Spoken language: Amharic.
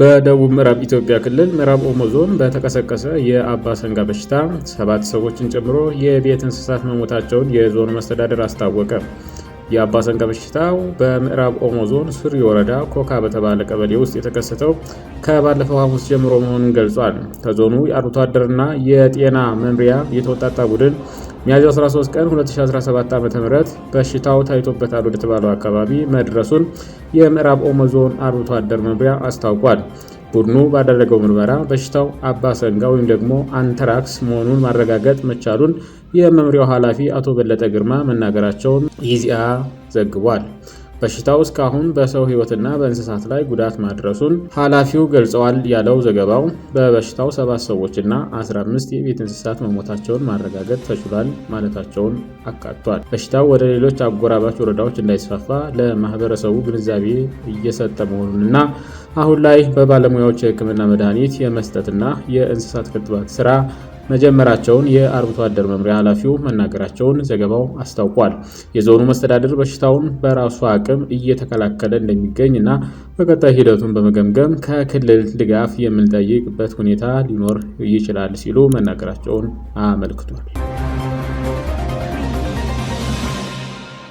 በደቡብ ምዕራብ ኢትዮጵያ ክልል ምዕራብ ኦሞ ዞን በተቀሰቀሰ የአባ ሰንጋ በሽታ ሰባት ሰዎችን ጨምሮ የቤት እንስሳት መሞታቸውን የዞኑ መስተዳደር አስታወቀ። የአባ ሰንጋ በሽታው በምዕራብ ኦሞ ዞን ሱሪ ወረዳ ኮካ በተባለ ቀበሌ ውስጥ የተከሰተው ከባለፈው ሐሙስ ጀምሮ መሆኑን ገልጿል። ከዞኑ የአርብቶ አደርና የጤና መምሪያ የተወጣጣ ቡድን ሚያዝያ 13 ቀን 2017 ዓ ም በሽታው ታይቶበታል ወደተባለው አካባቢ መድረሱን የምዕራብ ኦሞ ዞን አርብቶ አደር መምሪያ አስታውቋል። ቡድኑ ባደረገው ምርመራ በሽታው አባሰንጋ ወይም ደግሞ አንትራክስ መሆኑን ማረጋገጥ መቻሉን የመምሪያው ኃላፊ አቶ በለጠ ግርማ መናገራቸውን ኢዜአ ዘግቧል። በሽታው እስካሁን በሰው ሕይወትና በእንስሳት ላይ ጉዳት ማድረሱን ኃላፊው ገልጸዋል ያለው ዘገባው በበሽታው ሰባት ሰዎችና 15 የቤት እንስሳት መሞታቸውን ማረጋገጥ ተችሏል ማለታቸውን አካቷል። በሽታው ወደ ሌሎች አጎራባች ወረዳዎች እንዳይስፋፋ ለማህበረሰቡ ግንዛቤ እየሰጠ መሆኑንና አሁን ላይ በባለሙያዎች የህክምና መድኃኒት የመስጠትና የእንስሳት ክትባት ስራ መጀመራቸውን የአርብቶ አደር መምሪያ ኃላፊው መናገራቸውን ዘገባው አስታውቋል። የዞኑ መስተዳድር በሽታውን በራሱ አቅም እየተከላከለ እንደሚገኝ እና በቀጣይ ሂደቱን በመገምገም ከክልል ድጋፍ የምንጠይቅበት ሁኔታ ሊኖር ይችላል ሲሉ መናገራቸውን አመልክቷል።